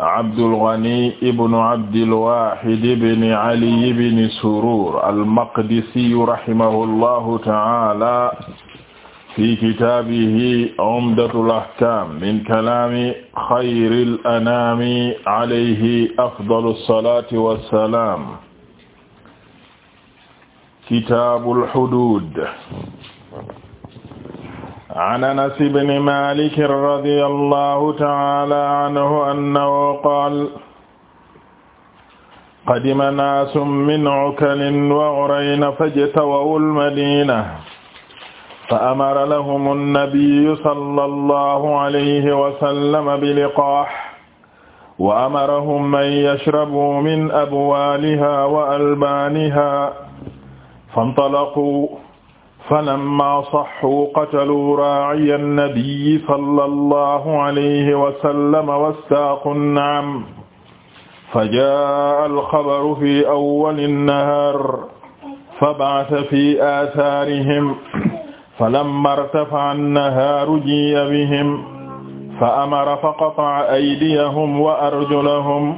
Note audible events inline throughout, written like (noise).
Abdul Ghani ibn Abdil Wahid ibn Ali ibn Surur al-Maqdisi rahimahullahu ta'ala fi kitaabihi Umdatul Ahkam min kalaami xayril anaami alayhi afdalus salaati wassalaam kitaabul huduud an anas ibni malik radi allahu taala anhu annahu qaal qadima naasu min ukalin wa urayna fajtawawu almadina fa amara lahum annabiyu salla allahu alayhi wasallama biliqaah wa amarahum an yashrabuu min abwaaliha wa albaaniha fantalaquu falammaa sahhuu qataluu raaciya nabiyyi sallallahu alayhi wa sallam wastaaqu na'am fajaa'a alxabaru fi awwali nnahaar faba'atha fi aathaarihim falammaa irtafa'a nnahaaru jii'a bihim fa'amara faqata'a aydiyahum wa arjulahum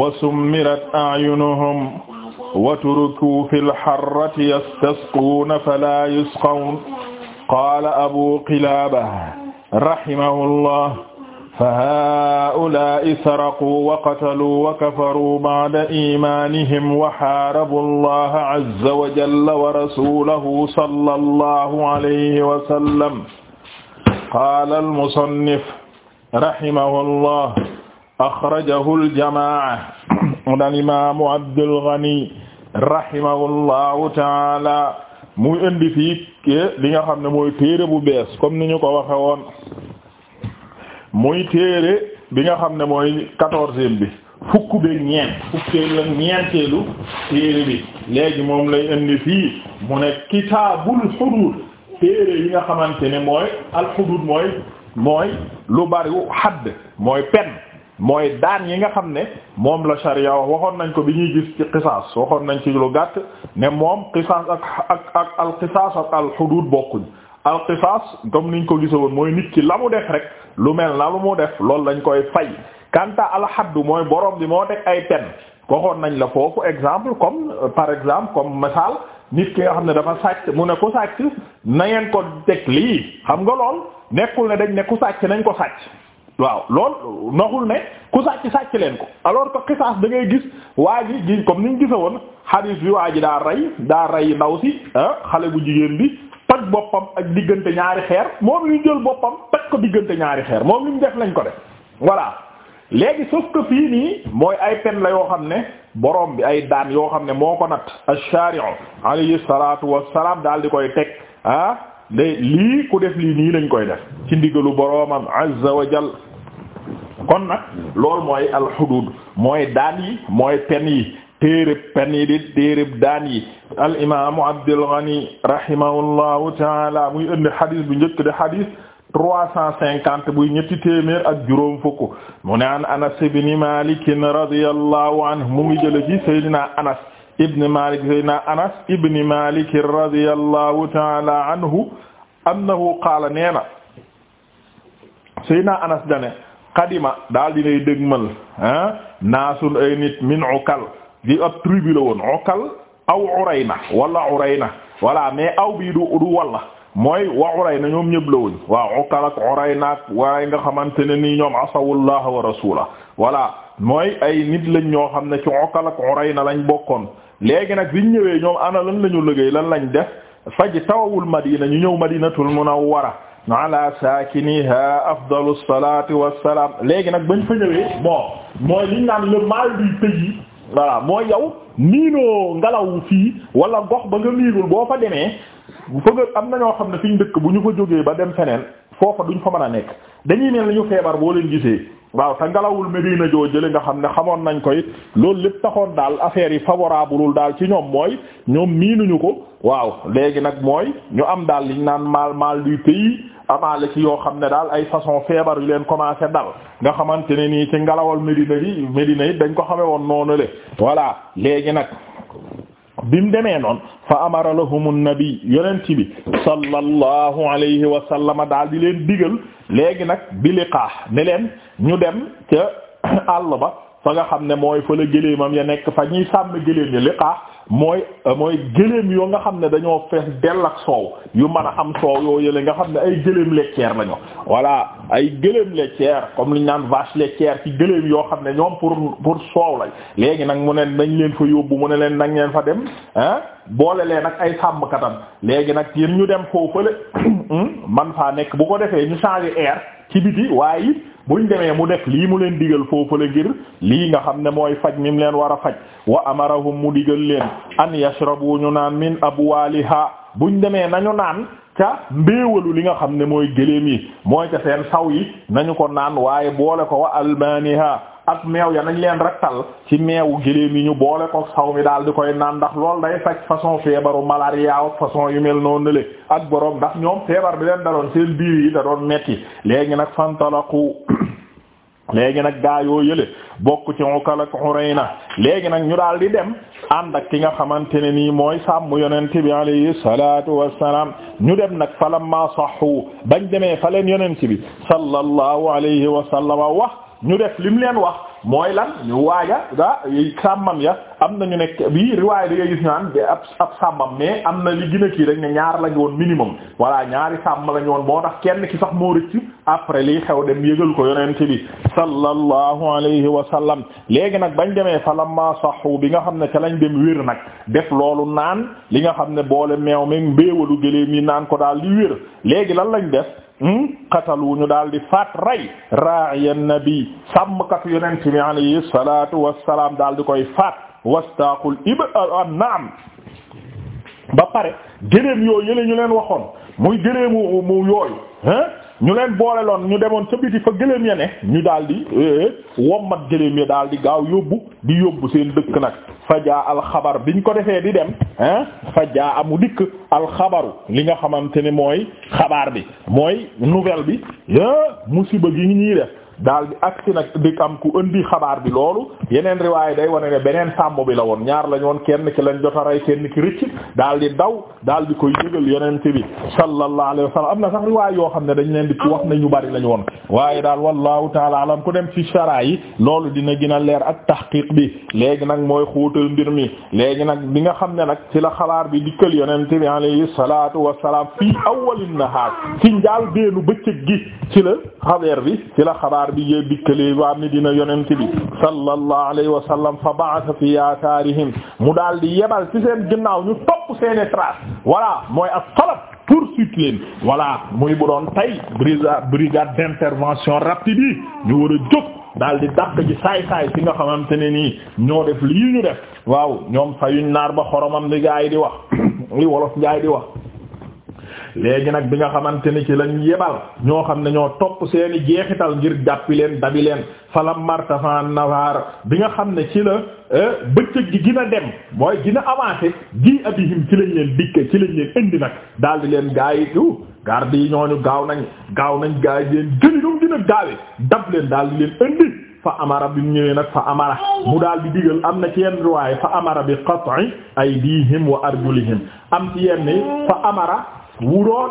wa summirat a'yunuhum waturukuu fi lharrati yastasquuna falaa yusqawun qaala abu qilaaba rahimahullah fa haa'ulaa'i saraquu wa qataluu wa kafaruu ba'da iimaanihim wa haarabu allaha azza wa jalla wa rasuulahu sallallahu alayhi wa sallam qaala al-musannif rahimahullah axrajahu al-jamaa'a an imaamu Abdul Ghani rahimahullahu taala muy indi fii li nga xam ne mooy téere bu bees comme ni ñu ko waxe woon muy téere bi nga xam ne mooy quatorzième bi fukk bi ñeent fukkeelu ak ñeenteelu téere bi léegi moom lay indi fii mu ne kitaabul xuduud téere yi nga xamante ne mooy al xuduud mooy mooy lu bariwu xadd mooy pen mooy daan yi nga xam ne moom la sharia wax waxoon nañ ko bi ñuy gis ci qisaas waxoon nañ ci lu gàtt ne moom qisaas ak ak ak al qisaas ak al xuduud bokkuñ al qisaas comme ko gisa woon mooy nit ki la mu rek lu mel na lu mu def loolu lañ koy fay kanta al xaddu mooy borom bi moo teg ay pen waxoon nañ la foofu exemple comme par exemple comme misaal nit ki nga xam ne dafa sàcc mu ne ku sàcc na ngeen ko teg lii xam nga lool nekkul ne dañ ne ku sàcc nañ ko sàcc waaw lool naxul ne ku sàcc sàcc leen ko alors que xisaas da ngay gis waa ji gi comme ni ñu gisa woon xadiis bi waa ji daa rey daa rey ndaw si ah, xale bu jigéen bi toj boppam ak diggante ñaari xeer moom li ñu jël boppam toj ko diggante ñaari xeer moom li def lañ ko def voilà léegi sauf que fii nii mooy ay pen la yoo xam ne borom bi ay daan yoo xam ne moo ko nat ash-shari'u alayhi salatu wassalam daal di koy teg ah lii ku def lii nii lañ koy def ci ndigalu boroomam azza wa jal kon nag loolu mooy alxudud mooy daan yi mooy pen yi téereb pen yi di al imaamu Abdul Ghani taala muy indi xadis bu njëkk de xadis trois cent cinquante bu ñetti téeméer ak juróom fukk mu ne an Anas ibn Malik radiyallahu anhu mu ngi Seydina Anas ibn Malik sayna Anas ibn Malik radiyallahu ta'ala anhu annahu qaala nee na sayna Anas dane qadima daal dinay dégmal ah naasun ay nit min Ukal di ab tribu la woon Ukal aw Urayna wala Urayna wala mais aw bii du du mooy wa Urayna ñoom ñëpp la woon Ukal ak Urayna ak nga xamante ne nii ñoom asawullah wa rasuula wala mooy ay nit lañ ñoo xam ne ci Ukal ak Urayna lañ bokkoon léegi nag biñ ñëwee ñoom ana lan la ñu liggéey lan lañ def faj tawawul madina ñu ñëw madinatul munawwara ala saakiniha afdalu salaati wassalaam léegi nag bañ fa ñëwee bon mooy liñ naan le mal du pays voilà mooy yow miinoo ngelaw fii wala gox ba nga miinul boo fa demee bu fa am na ñoo xam ne fiñ dëkk bu ñu ko jógee ba dem feneen foofa duñ fa mën a nekk dañuy mel ni ñu feebar boo leen gisee waaw te ngalawul Medina joo jële nga xam ne xamoon nañ koy loolu lépp taxoon daal affaire yi favorableul daal ci ñoom mooy ñoom miinuñu ko waaw léegi nag mooy ñu am daal liñ naan maal mal du pays amaale ci yoo xam ne daal ay façon feebar yu leen commencé dal nga xamante ne nii ci ngalawal Medina yi Medina yi dañ ko xame woon noonu le voilà léegi nag bi mu demee noon fa amara lahum an-nabi yonent bi sallallahu alayhi wa sallama daal di leen digal léegi nag bi liqaa ne leen ñu dem ca (clears throat) àll ba fa nga xam ne mooy fa la gëléemam ya nekk fa ñuy sàmm gëléem ya liqaa mooy euh, mooy gëléem yoo nga xam ne dañoo fees dell ak soow yu mën a am soow yoo yële nga xam ne ay gëléem lekkeer lañu voilà ay gëléem laitière comme li ñu naan vache laitière ci gëléem yoo xam ne ñoom pour pour soow la léegi nag mu ne nañ leen fa yóbbu mu ne leen nañ ngeen fa dem ah boole leen nag ay sàmmkatam léegi nag yéen ñu dem foofale (coughs) man faa nekk bu ko defee ñu changer air ci biti waaye it buñ demee mu def lii mu leen digal foofale ngir lii nga xam ne mooy faj mi mu leen war a faj wa amarahum mu digal leen an yashrabu ñu naan min abwaliha buñ demee nañu naan ca mbéewalu li nga xam ne mooy gëléem yi mooy ca seen saw yi nañu ko naan waaye boole ko wa albaniha ak meew ya nañ leen raktal ci meewu gëléem yi ñu boole ko saw mi daal di koy naan ndax loolu day faj façon feebaru malaria ak façon yu mel noonu le ak boroom ndax ñoom feebar bi leen daloon seen biir yi da doon metti léegi nag fantalaqu léegi nag gaa yoo yële bokk ci Ukal ak léegi nag ñu daal di dem ànd ak ki nga xamante ne nii mooy sàmm yonent bi alayhi salaatu wassalaam ñu dem nag falamma saxu bañ demee fa leen yonent bi sallallahu wax ñu def lim leen wax mooy lan ñu waaja ah sàmmam ya am na ñu nekk bii riwaay da ngay gis naan ab ab sàmmam mais am na li gën kii rek ne ñaar lañu woon minimum voilà ñaari sàmm lañu woon moo tax kenn ki sax moo rëcc après liy xew dem yëgal ko yonent bi sallallahu alayhi wa sallam léegi nag bañ demee falamma saxu bi nga xam ne ca lañ dem wér nag def loolu naan li nga xam ne boole meew mi mbéewalu gëléem yi naan ko daal li wér léegi lan lañ def Hmm? qatalu ñu daldi di faat rey ra'iya nabi sàmmkat yonent bi alayhi salatu wasalaam daal di koy faat wastaqul ib ah, naam ba pare gëléem yooyu yële leen waxoon muy gëléemu yooyu hein ñu leen boole loon ñu demoon sa biti fa gëléem ya ne ñu daal di eh, wommat gëléem ya daal di gaaw yóbbu di yóbbu seen dëkk nag fajaa alxabar ñu ko defee di dem hein fajaa amu dikk alxabaru li nga xamante ne mooy xabaar bi mooy nouvelle bi eh, musiba gi ñu ñuy def daal di agsi nag di am ku indi xabaar bi loolu yeneen riwaay day wane ne beneen sàmm bi la woon ñaar lañ woon kenn ki lañ jot a rey kenn ki rëcc daal di daw daal di koy yëgal yonent bi sallallahu alayhi wa sallam am na sax riwaay yoo xam ne dañ leen di wax ne ñu bari lañ woon waaye daal wallahu taala alam ku dem ci shara yi loolu dina gën a leer ak tahqiq bi léegi nag mooy xóotal mbir mi léegi nag bi nga xam ne nag ci la xabaar bi dikkal yonent bi alayhi salatu wasalaam fii awwalin nahar ci njaal beenu bëccëg gi ci la xabaar bi ci la xabaar xarbiye dikkale waa Medina yonent bi sallallahu alayhi wa sallam fa ba'atha fi atharihim mu daal di yebal ci seen ginnaaw ñu topp seeni trace voilà mooy ak talab poursuite leen voilà muy bu doon tey brigade d'intervention rapide yi ñu war a daal di dàq ji saay-saay si nga xamante ne nii ñoo def lii ñu def waaw ñoom fayuñ naar ba xoromam li gaa yi di wax li wolof gaa di wax léegi nag bi nga xamante ni ci lañ yebal ñoo xam ne ñoo topp seeni jeexital ngir jàppi leen dabi leen marta martafan navaar bi nga xam ne ci la euh, bëccëg gi gën a dem mooy gën a avancé gi abihim ci lañ leen dikke ci lañ leen indi nag daal di leen gaa yi garde yi ñooñu gaaw nañ gaaw nañ gaa yi leen gëni doom gën a gaawe dab leen daal di leen indi fa amara bi mu ñëwee nag fa amara mu daal di digal am na ci yenn riwaaya fa amara bi qat'i aydihim wa arjulihim am wuroon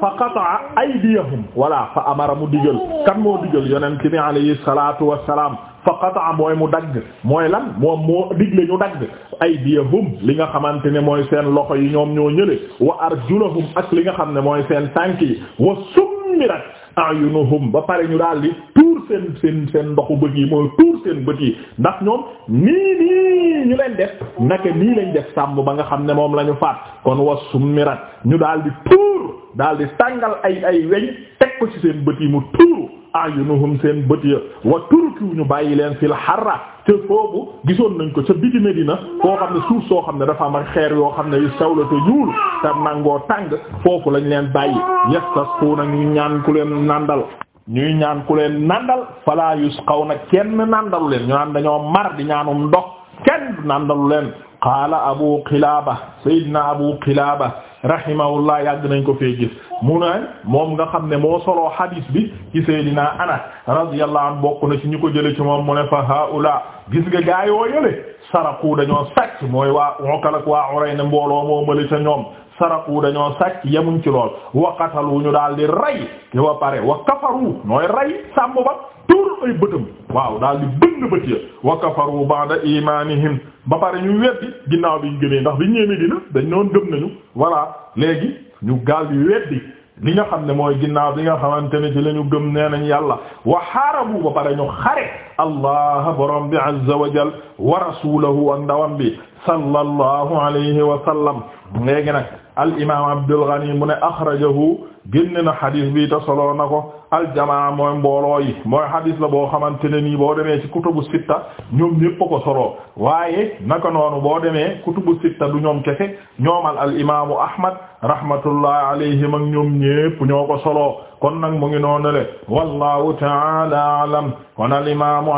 fa qata'a aydiyahum wala fa amara mu digal kan moo digal yonent bi alayhi salatu wassalam fa qata'a mooy mu dagg mooy lan moom moo digle ñu dagg aydiyahum li nga xamante ne mooy seen loxo yi ñoom ñoo ñële wa arjulahum ak li nga xam ne mooy seen tànk yi wa summirat ayunuhum ba pare ñu daal di tuur seen seen seen ndoxu bët yi mooy tuur seen bët yi ndax ñoom nii nii ñu leen def naka nii leen def sàmm ba nga xam ne moom la ñu faat kon was summirat ñu daal di tuur daal di tàngal ay ay weñ teg ko ci seen bët yi mu tuuru ayunuhum seen bët ya wa turkiw ñu bàyyi leen fil harra te foofu gisoon nañ ko ca biti Medina koo xam ne suuf soo xam ne dafa ma ak xeer yoo xam ne yu sew la te ñuul te nangoo tàng foofu lañ leen bàyyi yastasquna ñu ñaan ku leen nàndal ñuy ñaan ku leen nandal fala yusqawna kenn nandalu leen ñu naan dañoo mar di ñaanum ndox kenn nandalu leen qaala abu qilaaba sayyidina abu qilaaba rahimahullah yàgg nañ ko fee gis mu ne moom nga xam ne moo soloo hadis bi ci sayyidina anas radiyallahu anhu bokk na ci ñu ko jële ci moom mu ne fa haula gis nga gaayoo yële saraku dañoo sàcc mooy waa Ukal ak waa Urayna mbooloo moo mali ca ñoom saraku dañoo sàcc yemuñ ci lool wa qatalu ñu daal di rey di ba pare wa kafaru nooy rey sàmm ba tuur ay bëtam waaw daal di bënn bët ya wa kafaru ba'da imanihim ba pare ñu weddi ginnaaw bi ñu gëmee ndax bi ñeeme dina dañ noon gëm nañu voilà léegi ñu gaal di weddi li nga xam ne mooy ginnaaw bi nga xamante ne ci la ñu gëm nee nañu yàlla wa xaarabu ba pare ñu xare allah borom bi azza wa jal wa rasulahu ak ndawam bi sallallahu alayhi wa sallam léegi nag al imaam Abdul Ghani mu ne axrajahu génne na xadis bi te solo na ko al jamaa mooy mbooloo yi mooy xadis la boo xamante ne nii boo demee ci kutubu sitta ñoom ñépp ko solo waaye naka noonu boo demee kutubu sitta du ñoom kese ñoomal al imaamu Ahmad rahmatullah alayhim ak ñoom ñépp ñoo ko solo kon nag mu ngi noonu le wallahu taala alam kon al imaamu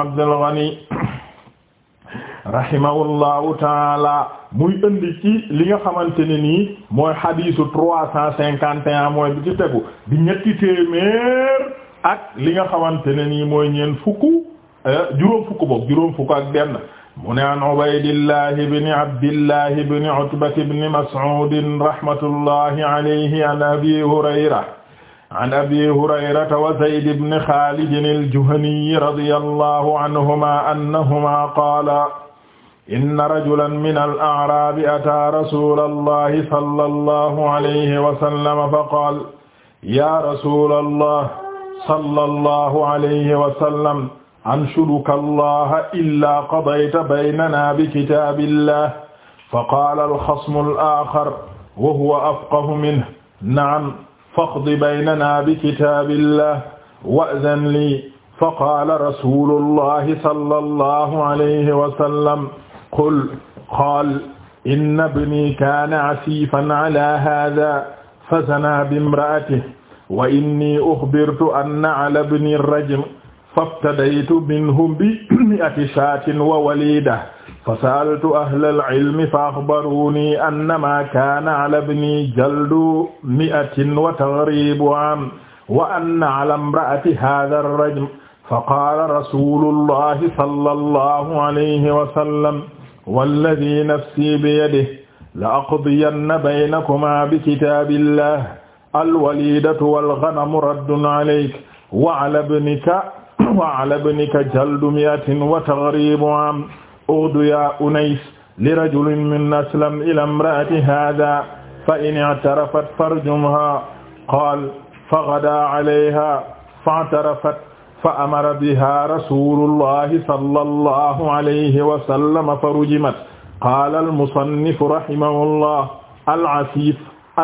(coughs) rahimahullahu taala muy indi ci li nga xamante ne nii mooy xadiisu trois cent cinquante et un mooy bi ci tegu di ñetti téeméer ak li nga xamante ne nii mooy ñeent fukk eh, juróom fukk boog juróom fukk ak benn mu ne an ubaydillahi bni abdillahi bni utbati bni mas'udin rahmatullahi alayhi an abi hurayra an abi hurayrata wa zayd bni xaalidin aljuhaniyi radiyallahu anhuma inna rajulan min al-a'raabi ataa rasuulallahi sallallahu alayhi wa sallam faqaala yaa rasuulallah sallallahu alayhi wa sallam anshuduka allaha illaa qadayta baynanaa bi kitaabillah faqaala al-xasmu al-aaxar wa huwa afqahu minhu na'am faqdi baynanaa bi kitaabillah wa'zan lii faqaala rasuulullahi sallallahu alayhi wa sallam qul qaal inna ibnii kaana asiifan ala haaza fasanaa bimra'atihi wa innii uxbirtu anna ala ibni rajm fabtadaytu minhu bi mi'ati shaatin wa waliida fasa'altu ahlal ilmi fa axbaruunii annamaa kaana ala ibnii jaldu mi'atin wa taghriibu 'aam wa anna ala imra'ati haazaa ar-rajm faqaala rasuulullaahi sallallaahu alayhi wa sallam walladi nafsi biyadihi la aqdiyanna baynakumaa bi kitaabillah alwalidatu walganamu raddun alayk wa ala ibnika wa ala ibnika jaldu mi'atin wa taghribu am ughdu ya unays lirajulin min aslam ila imra'ati hadha fa in i'tarafat farjumha qaal fa ghadaa alayha fa'tarafat fa amara biha rasulullahi sallallahu alayhi wa sallam fa rujimat qaala almusannifu rahimahullah alasif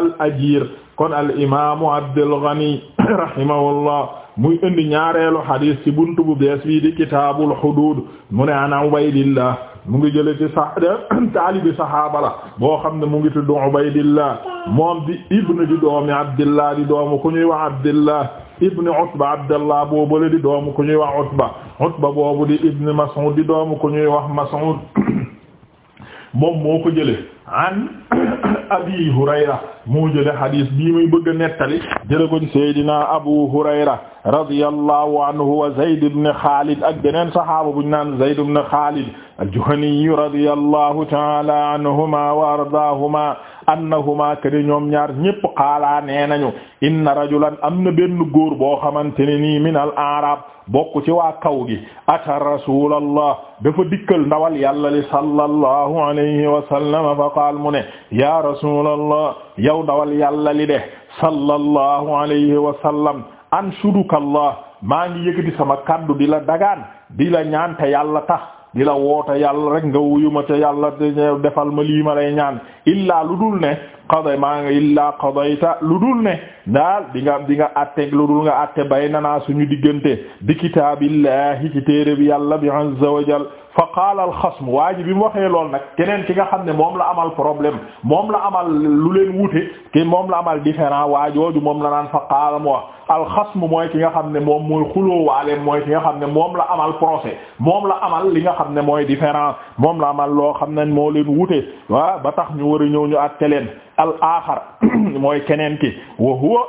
al ajir kon al imaamu Abdul Ghani (coughs) rahimahullah muy indi ñaareelu xadis ci buntu bu bees bii di kitaabul xuduud mu ne an Ubaydillah mu ngi jële ci sa (coughs) taalibi sahaaba la boo xam ne mu ngi tudd Ubaydillah moom di ibnu di doomi Abdillah di doomu ku ñuy wax Abdillah ibni utba abdallah boobale di doomu ku ñuy wax utba utba boobu di ibni mas'ud di doomu ku ñuy wax mas'ud (coughs) moom moo ko jële an (coughs) abi hurayra moo jële hadis bii muy bëgg a nettali jële ko seydina abu hurayra radiyallahu anhu wa zayd ibn xaalid ak beneen sahaaba buñ naan zayd ibn xaalid al-juhani radiyallahu ta'ala anhuma wa ardaahuma annahuma kene ñoom ñaar ñépp xaalaa nee nañu inna rajulan am na benn góor boo xamante ne nii min al arab bokk ci waa kaw gi ata rasulallah dafa dikkal ndawal yàlla li sallallahu alayhi wa fa qaal mu ne ya rasulallah yow ndawal yàlla li de sallallahu alayhi wa sallam anshudukallah maa ngi yëkkati sama kaddu di la dagaan di la ñaante yàlla tax di la woote yàlla rek nga wuyu ma te yàlla defal ma lii ma lay ñaan illaa lu dul ne qaday maa nga illaa qadayta lu dul ne daal di nga di nga atte lu dul nga atte baynanaa suñu diggante bi kitaabillahi ci téere bi yàlla bi azza wa jal fa qaala alxasm waa ji bi mu waxee lool nag keneen ki nga xam ne moom la amal problème moom la amal lu leen wuute ki moom la amal différent waa jooju moom la naan fa qaala mu wax alxasm mooy ki nga xam ne moom mooy xuloo waaleem mooy ki nga xam ne moom la amal procès moom la amal li nga xam ne mooy différent moom la amal loo xam ne moo leen wuute waa ba tax ñu war ñëw ñu àtte al (clears throat) mooy keneen ki wa huwa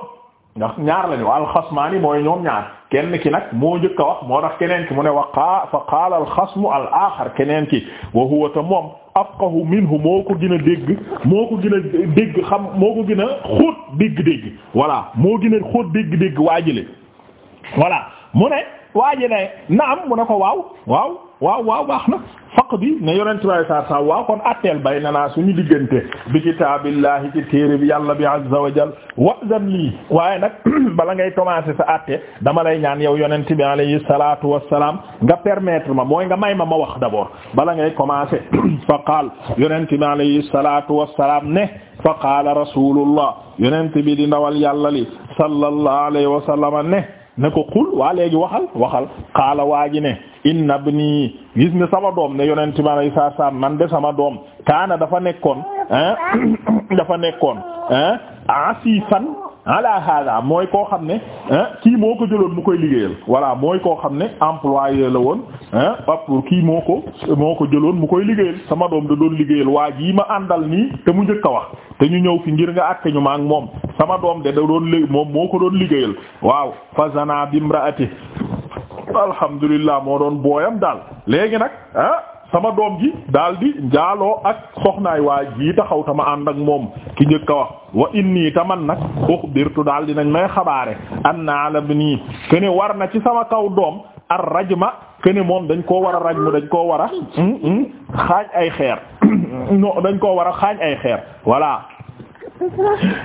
ndax ñaar lañu al xasmaani mooy ñoom ñaar kenn ki nag moo njëkk wax moo tax keneen ki mu ne wa qaa fa al xasmu al aaxar keneen ki wa huwa te moom afqahu minhu moo ko gën a dégg moo ko gën a dégg xam moo ko gën a xóot moo gën a xóot dégg-dégg waajile voilà mu ne waaji ne naam mu ne ko waaw waaw waaw waaw baax na faq bi ne yonent bi saa saa waaw kon atteel bay na naa suñu diggante bi kitaabillahi ci téere bi yàlla bi azza wa jal wazan lii waaye nag (clears throat) bala ngay commencé sa atte dama lay ñaan yow yonent bi alayhi salatu wassalam nga permettre ma mooy nga may ma ma wax d'abord bala ngay commencé (clears throat) fa qaal yonent bi alayhi salatu wassalam ne fa qaala rasulullah yonent bi di ndawal yàlla li sallallahu alayhi wa ne ne ko xul waa léegi waxal waxal xaala waa ji ne inna ibni gis nga sama doom ne yonent ma lay saa saa man de sama doom kaana dafa nekkoon (clears throat) dafa nekkoon fan ala hada mooy koo xam ne kii moo ko jëloon mu koy liggéeyal voilà mooy koo xam ne employé la woon pap kii moo ko moo ko jëloon mu koy liggéeyal sama doom da doon liggéeyal waa jii ma àndal nii te mu njëkk a wax te ñu ñëw fi ngir nga àtte ñu ma ak moom sama doom de da doon lé moom moo ko doon liggéeyal waaw fazana bimraati alhamdulillah moo doon booyam daal léegi nag ah sama doom ji daal di njaaloo ak soxnaay waa jii taxaw tama ànd ak moom ki njëkk a wax wa inni man nag uxbirtu daal di nañ may xabaare naa la bi nii kene war na ci sama kaw doom a ar ma kene moom dañ koo war a rajmu dañ koo war a hmm, hmm, xaaj ay xeer (coughs) no dañ koo war a xaaj ay xeer voilà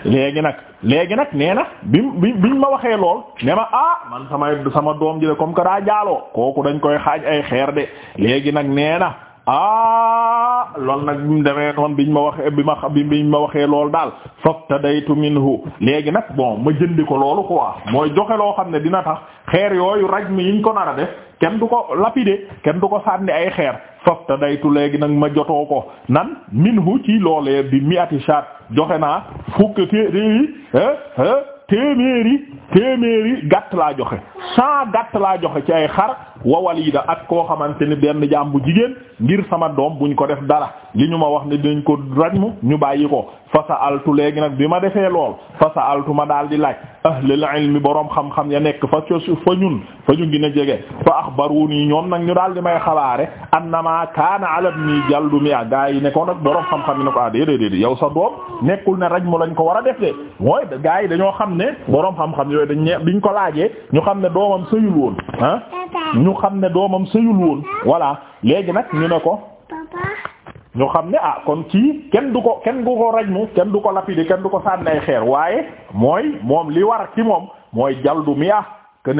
léegi nag léegi nag nee na bi bi ma waxee lool ne ma ah man samay sama doom ji de comme que daa jaaloo kooku dañ koy xaaj ay xeer de léegi nag nee na ah loolu nag bi mu demee noonu biñ ma waxee bi ma bi biñ ma waxee loolu daal faftadaytu minhu léegi nag bon ma jëndi ko loolu quoi mooy joxe loo xam ne dina tax xeer yooyu raj mi yiñ ko nar a kenn du ko lapider kenn du ko sànni ay xeer faftadaytu léegi nag ma joto ko nan minhu ci loolee bi mi ati shaat joxe naa fukk téeméeri eh, eh, téeméeri téeméeri gàtt laa joxe cent gàtt laa joxe ci ay xar. yi walida ak koo xamante ni benn jaam bu jigéen ngir sama doom buñ ko def dara li ñu ma wax ne dañ ko mu ñu bàyyi ko fasa altu léegi nag bi ma defee lool fasa altu ma daal di laaj ahlul ilmi boroom xam-xam ya nekk fa fa ñun fa ñu gën a jege fa axbaruni ñoom nag ñu daal di may xabaare annama kaana alab nii jàldu mi a gaa yi ne ko nag boroom xam-xam yi ne ko ah déedéedéedi yow sa doom nekkul ne rajmu lañ ko war a def de mooy gaa yi dañoo xam ne boroom xam yooyu dañ biñ ko laajee ñu xam ne doomam sëyul woon ah? ñu xam ne doomam sëyul woon voilà léegi nag ñu ne ko ñu xam ne ah kon kii kenn du ko kenn du ko mu kenn du ko lapider kenn du ko sànni ay xeer waaye mooy moom li war ci moom mooy jaldu mi ah que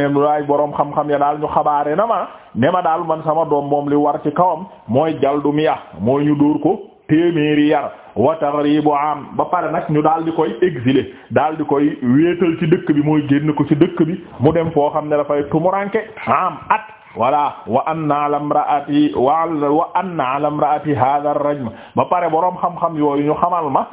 boroom xam-xam ya ñu xabaare na ma ne ma daal man sama doom moom li war ci kawam mooy jaldu mi ah ñu dóor ko téeméeri yar wa taghribu am ba pare nag ñu daal di koy exiler daal koy wéetal ci dëkk bi mooy génn ko ci dëkk bi mu dem foo xam ne dafay tumuranke am at voilà wa anna ala imraati wa anna ala imraati hadha ar-rajm ba pare boroom xam-xam yooyu ñu xamal ma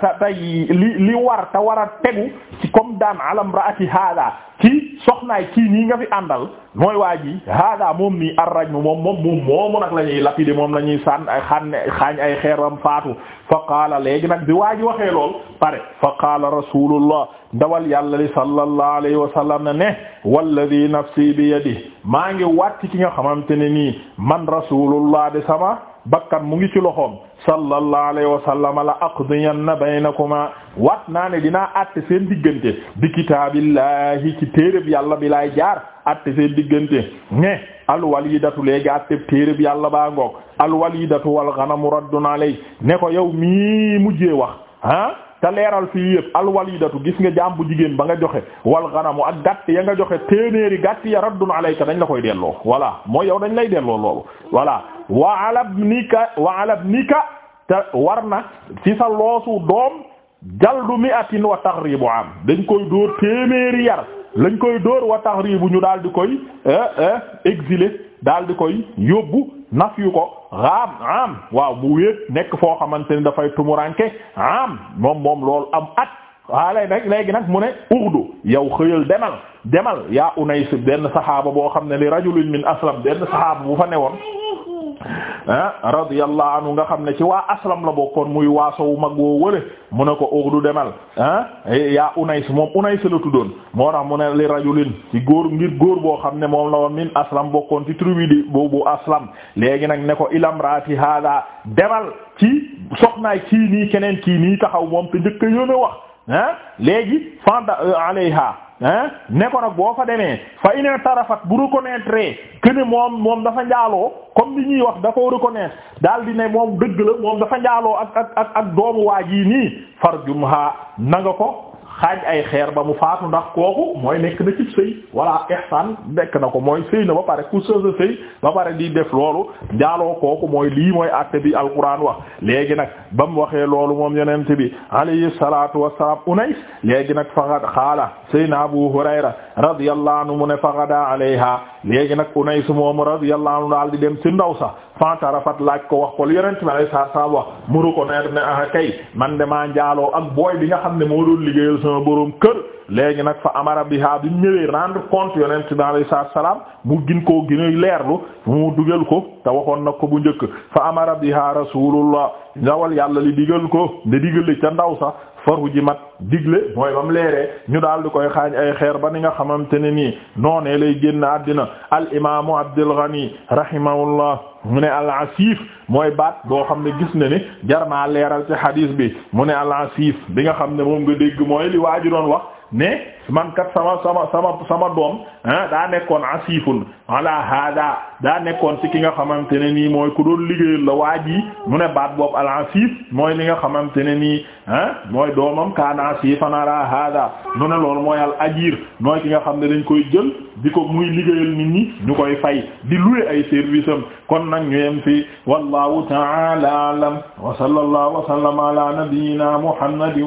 ta tey li war te a tegu ci comme daan ala imraati hadha ci soxnaay kii nii nga fi àndal mooy waa ji hada moom nii arrajmu moom moom moom moomu nag la di moom la ñuy sànn ay xànne xaañ ay xeeram faatu fa qaala léegi nag bi waa ji waxee lool pare fa qaala rasulullah dawal yàlla li sallallahu alayhi wa sallam ne ne walladi nafsi bi yadi maa ngi wàtti ki nga xamante ne nii man rasulullah de sama bakkan mu ngi ci loxoom sallallahu alayhi wa sallama la na baynakuma waat naa ne dinaa àtte seen diggante bi kitaabillahi ci téeréb yàlla bi laay jaar àtte seen diggante ne alwalidatu léegi àtte téeréb yàlla baa ngoog alwalidatu wal ghanamu raddun alay ne ko yow mii mujjee wax ah te leeral fii yëpp alwalidatu gis nga jaam bu jigéen ba nga joxe wal ganamu ak gàtt ya nga joxe téenéeri gàtt ya raddun alayka dañ la koy delloo voilà mooy yow dañ lay delloo loolu voilà wa ala ibnika wa ala ibnika te war na ci sa loosu doom jaldu mi atin wa taxribu am dañ koy dóor téeméeri yar lañ koy dóor wa taxribu ñu daal di koy eh, eh, exilé daal di koy yóbbu naf yu ko raam am waaw bu wéet nekk foo xamante ni dafay tumuranke am moom moom lool am at waa ah, léegi léegi nag mu ne urdu yow xëyal demal demal yaa Unays benn saxaaba boo xam ne li rajulin min aslam benn saxaaba bu fa newoon ah radiyallahu anhu nga xam ne ci waa aslam la bokkoon muy waasowu mag woo wële mu ne ko ugdu demal ah yaa unays moom unays la tuddoon moo tax mu ne li rajulin ci góor ngir góor boo xam ne moom la woon min aslam bokkoon ci tribu di boobu aslam léegi nag ne ko ilamraati hada demal ci soxnaay kii nii keneen kii nii taxaw moom te njëkk a wax ah léegi fanda euh, alayha ah ne ko nag boo fa demee fa ine tarafat bu reconnaître que ne moom moom dafa njaaloo comme li ñuy wax da ko reconnaître daal di ne moom dëgg la moom dafa njaaloo ak ak ak ak doomu waa ji nii farjumha na nga ko xaaj ay xeer ba mu faatu ndax kooku mooy nekk na ci sëy walla ihsan nekk na ko mooy sëy na ba pare ku sa sëy ba pare di def loolu njaaloo kooku mooy lii mooy àtte bi alquran wax léegi nag ba mu waxee loolu moom yonent bi alayhi salatu wassalam Unays léegi nag faqad xaala sayna Abu Hurayra radiyallahu anhu mu ne faqada alayha léegi nag Unays moom radiyallahu anhu daal di dem ci ndaw sax fantarafat laaj ko wax ko lu yonent bi alayhi salatu wassalam wax muru ko ne ne ah kay man de maa njaaloo ak booy bi nga xam ne moo doon sama boroom kër léegi nag fa amara biha bi ñëwee rendre compte yonent bi alayhi salaam mu gin koo gën a leerlu mu dugal ko te waxoon nag ko bu njëkk fa amara biha rasulullah ndawal yàlla li digal ko nde digale ca ndaw sax faru ji mat digle mooy ba mu leeree ñu daal di koy xaañ ay xeer ba ni nga xamante ne nii noonee lay génn àddina al imaamu Abdul Ghani rahimahullah mu ne al-asif mooy baat boo xam ne gis na ni jar naa leeral ci hadis bi mu ne al-asif bi nga xam ne moom nga dégg mooy li waa ji doon wax ne man kat sama sama sama doom daa nekkoon asifun ala hada daa nekkoon ci ki nga xamante ne nii mooy ku doon liggéeyal la waa ji mu ne baat boobu al asif mooy li nga xamante ne nii mooy doomam kaana asifan ala hada mu ne loolu mooy al ajir mooy ki nga xam ne dañ koy jël di ko muy liggéeyal nit ñi ñu koy fay di louer ay service am kon nag ñu yem fi wallahu ta'ala alam wa sallallahu wa sallama ala nabiyyina muhammadin